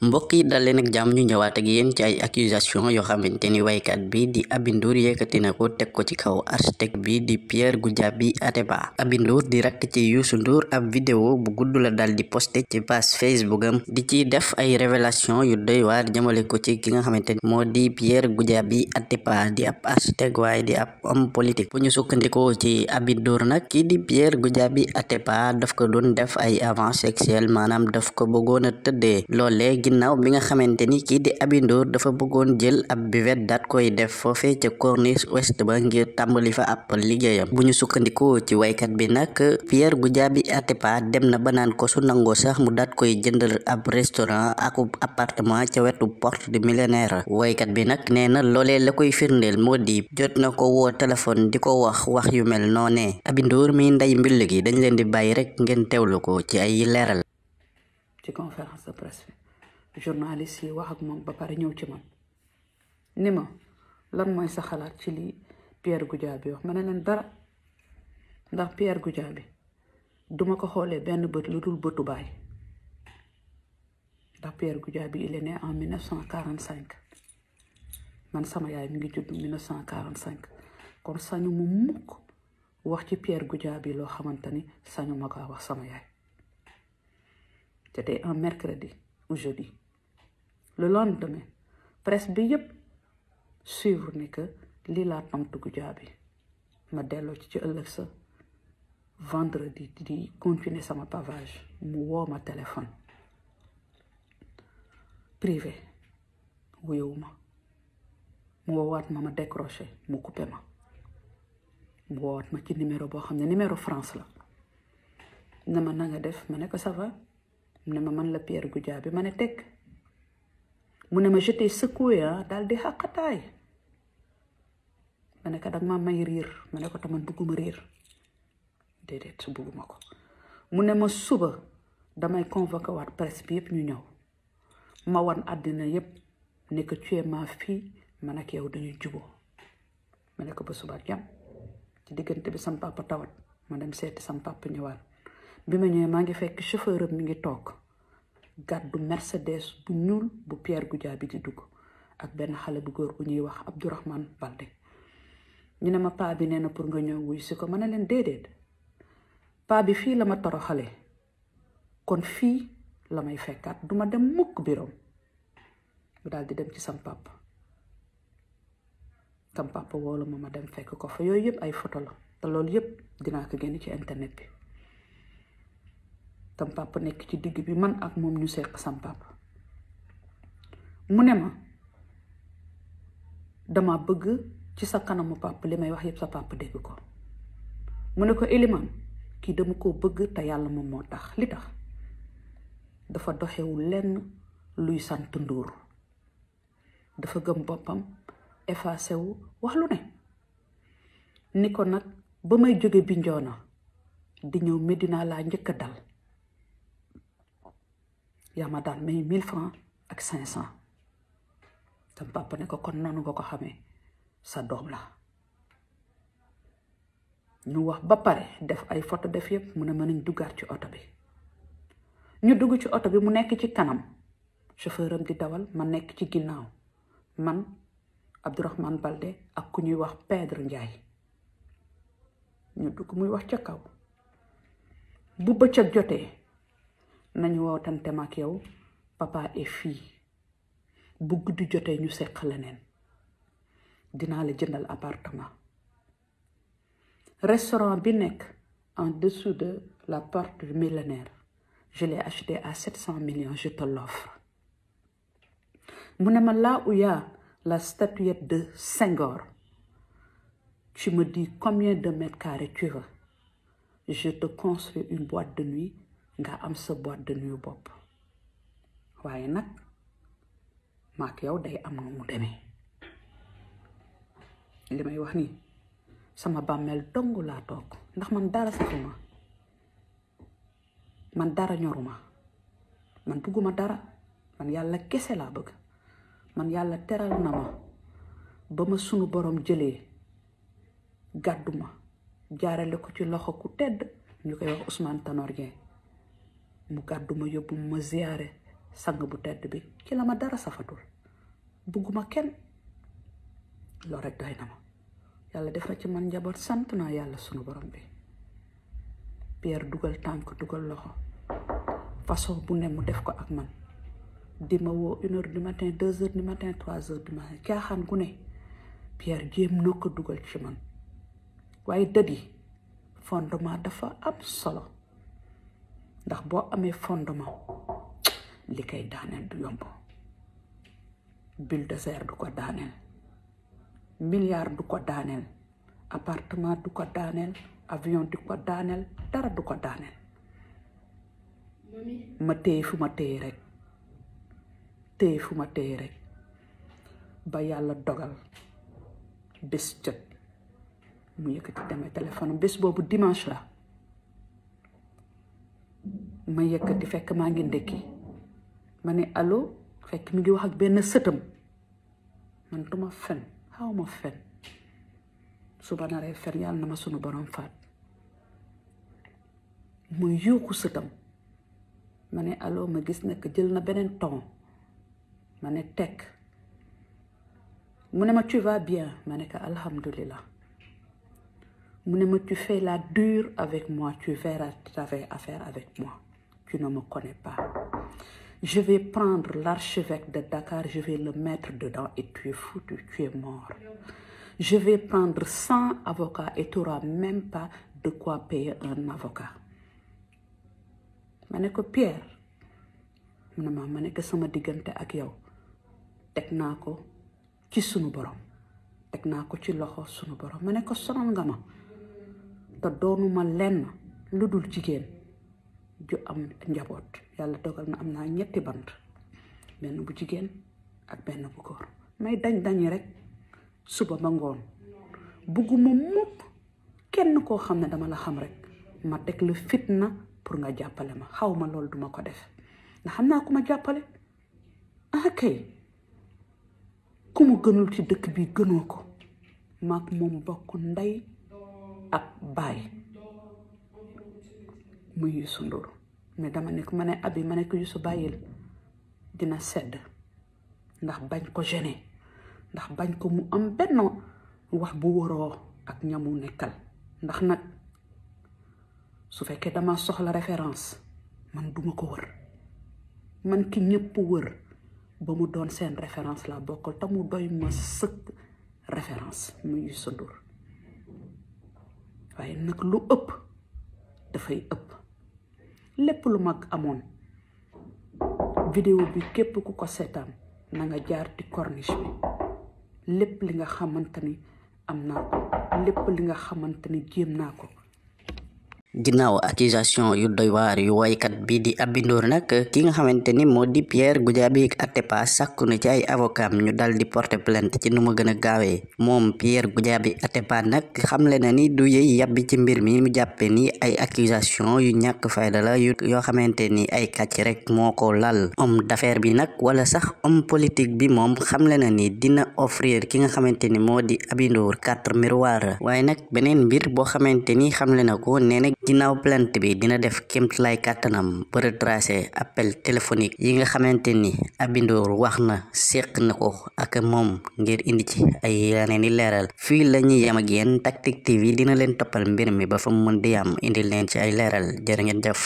mbokk yi dal leen ak jàmm ñu ñëwaat ak yéen ci ay accusation yoo xamante ni waykat bi di Aby Ndour yëkkati na ko teg ko ci kaw architecte bi di Pierre Goudiaby Atépa Aby Ndour di rakk ci Youssou Ndour ab vidéo bu gudd la dal di posté ci page Facebook am di ci def ay révélation yu doy waar ko ci ki nga xamante ni moo di Pierre Goudiaby Atépa di ab architecte waaye di ab homme politique bu ñu sukkandikoo ci Aby nag kii di Pierre Goudiaby Atépa daf ko doon def ay avance sexuelle maanaam daf ko bëggoon a tëddee ginnaaw bi nga xamante ni kii di abindoor dafa bëggoon jël ab biwet daat koy def foofee ca corniche west ba ngir tàmbali fa ab liggéeyam bu ñu sukkandikoo ci waykat bi nag Pierre Goudiaby Atépa dem na ba naan ko su nangoo sax mu daat koy jëndal ab restaurant ak appartement ca wetu porte du millénaire waykat bi nag nee na loolee la koy firndeel moo di jot na ko woo téléphone di ko wax wax yu mel noonee Aby Ndour mi ndey mbill gi dañ leen di bàyyi rek ngeen teewlu ko ci ay leeral journaliste yi wax ak moom ba pare ñëw ci man ni ma lan mooy sa xalaat ci li Pierre Goudiaby wax ma ne leen dara ndax Pierre du ma ko xoolee benn bët lu dul bëtu baay ndax Pierre Goudiaby il est né en 1945 man sama yaay mi ngi judd 1945 kon sañu mu mukk wax ci Pierre Goudiaby loo xamante ni sañu ma ko wax sama yaay c'était un mercredi ou le lendemain presse bi yépp suivre ni que lii laa tontu Goudiaby ma delloo ci ci ëllëg sa vendredi di continuer sama pavage mu woo ma téléphone privé wuyuwu ma mu woowaat ma ma décroché mu coupé ma mu woowaat ma ci numéro boo xam ne numéro France la ne ma na def ma ne ko ça va ne ma man la Pierre bi ma ne tekk mu ne ma je t'ai dal di xàqataay ma ne ko danga ma may riir ma ne ko taman bugguma riir déedéet bugguma ko mu ne ma suba damay convoqué waat presse bi yëpp ñu ñëw ma wan àddina yëpp nekk ko tu es ma fille man ak yow dañuy juboo ma ne ko ba suba ak jàmm ci diggante bi sam papa tawat ma dem seeti sam papa ñëwaat bi ma ñëwee maa ngi fekk chauffeur am mi ngi toog gàddu Mercedes bu ñuul bu Pierre bi di dugg ak benn xale bu góor bu ñuy wax Abdourahmane Baldé ñu ne ma paa bi nee na pour nga ñëw wuy si ko ma ne leen déedéet paa bi fii la ma toroxale kon fii la may fekkaat duma dem mukk biroom bu di dem ci sam pàpp sam pàpp woolu ma ma dem fekk ko fa yooyu yëpp ay photo la te loolu yëpp dinaa ko génn ci internet bi sam papa nekk ci digg bi man ak moom ñu seq sam mu ne ma dama bëgg ci sa kanamu papa li may wax yëpp sa papa dégg ko mu ne ko Eliman kii dama ko bëgg te yàlla moom moo tax li tax dafa doxewul lenn luy sant nduur dafa gëm boppam effacé wu wax lu ne ni ko nag ba may jóge Bignona di ñëw Medina laa njëkk a dal yaa ma daan may mille francs ak cinq cent sama papa ne ko kon nanu nga ko xamee sa doom la ñu wax ba pare def ay photo def yëpp mu ne mën nañ duggaat ci oto bi ñu dugg ci oto bi mu nekk ci kanam chauffeur am di dawal ma nekk ci ginnaaw man Abdourahmane Balde ak ku ñuy wax Pedre Ndiaye ñu dugg muy wax ca kaw bu bëccëg jotee nañu wootante ma ak yow papa et fille bu guddi jotee ñu seq leneen dinaa la jëndal appartement restaurant bi nekk en dessous de la porte du millénaire je l'ai à sept cent millions je te l'offre mu ne ma là où la statuette de Senghor tu me dis combien de mètres carrés tu veux je te construis une boîte de nuit nga am sa boîte de bopp waaye nag maak yow day am nu mu demee li may wax nii sama bàmmeel dong laa toog ndax man dara saxuma man dara ñoruma man bugguma dara man yàlla kese laa bëgg man yàlla teral na ma ba ma sunu borom jëlee gàddu ma jaarale ko ci loxo ku tedd ñu koy wax Ousmane Tanor mu gàddu ma yóbbu ma ziyaare sang bu tedd bi kila ma dara safatul bugguma kenn loo rek doy na ma yàlla def na ci man njaboot sant naa yàlla sunu borom bi Pierre dugal tànk dugal loxo façon bu ne mu def ko ak man di ma woo une heure du matin deux heures du matin trois heures du matin caaxaan gu ne Pierre jéem noo dugal ci man waaye dëddi fondement dafa am solo ndax boo amee fondement li koy daaneel du yomb bulldozer du ko daaneel milliard du ko daaneel appartement du ko daaneel avion du ko daaneel dara du ko daaneel ma téye fu ma téye rek téye fu ma téye rek ba yàlla dogal bés jot mu yëkkati demee téléphone bés boobu dimanche la ma yëkkati fekk maa ngi ndékki ma ne allo fekk mu ngi wax ak benn sëtam man du fen xaw ma fen su ma naree fen yàlla na ma sunu borom faat muy yuuxu sëtam ma ne allo ma gis nekk jël na beneen ton ma ne tekk mu ne ma tu bien ma ne ko alhamdulilah mu ne ma tu la dure avec moi tu verras tu affaire avec moi tu ne me connais pas. Je vais prendre l'archevêque de Dakar, je vais le mettre dedans et tu es foutu, tu es mort. Je vais prendre 100 avocats et tu pas de quoi payer un avocat. ma ne ko Pierre mu ne ma ma ne sama diggante ak yow teg naa ko ci sunu borom teg naa ko ci loxo sunu borom ma ne ko sonal nga ma te doonuma lenn lu dul jigéen ju am njaboot yàlla dogal na am naa ñetti bant benn bu jigéen ak benn bu góor may dañ dañi rek suba ba ngoon bugguma mukk kenn koo xam ne dama la xam rek ma teg la na pour nga jàppale ma xaw ma loolu duma ko def ndax xam naa ku ma jàppale ah kay ku mu gënul ci dëkk bi gënoo ko maak moom bokk ndey ak baay muy Youssou Ndour mais dama nekk ma ne abi ma nekk Youssou bàyyil dina sedd ndax bañ ko gêner ndax bañ ko mu am benn wax bu waroo ak ñamu nekkal ndax nag su fekkee dama soxla référence man duma ko wër man ki ñëpp wër ba mu doon seen référence la bokkal te mu doy ma sëkk référence muy Youssou Ndour waaye nag lu ëpp dafay ëpp lépp lu mag amoon vidéo bi képp ku ko seetaan na nga jaar ci corniche bi lépp li nga xamante ni am naa ko lépp li nga xamante ni jéem naa ko ginnaaw accusation yu doy waar yu waykat bi di Aby Ndour nag ki nga xamante ni moo di Pierre Goudiaby Atépa sàkku na ci ay avocat ñu dal di porter plainte ci nu mu gën a gaawee moom Pierre Goudiaby Atépa nag xamle na ni du yëy ci mbir mi mu jàppe ni ay accusation yu ñàkk fayda la yoo xamante ni ay kàcc rek moo ko lal homme d'affaires bi nag wala sax homme politique bi moom xamle na ni dina offrir ki nga xamante ni moo di Aby Ndour quatre miroirs waaye nag beneen mbir boo xamante ni xamle na ko nee ginnaaw plant bi dina def kéemtulaay kàttanam ba retracé appel téléphonique yi nga xamante ni Aby Ndour wax na séq na ko ak moom ngir indi ci ay yeneen i leeral fii la ñuy yem ak yéen Tactic TV dina leen toppal mbir mi ba fa mu mën di yam indil leen ci ay leeral jërë ngeen jëf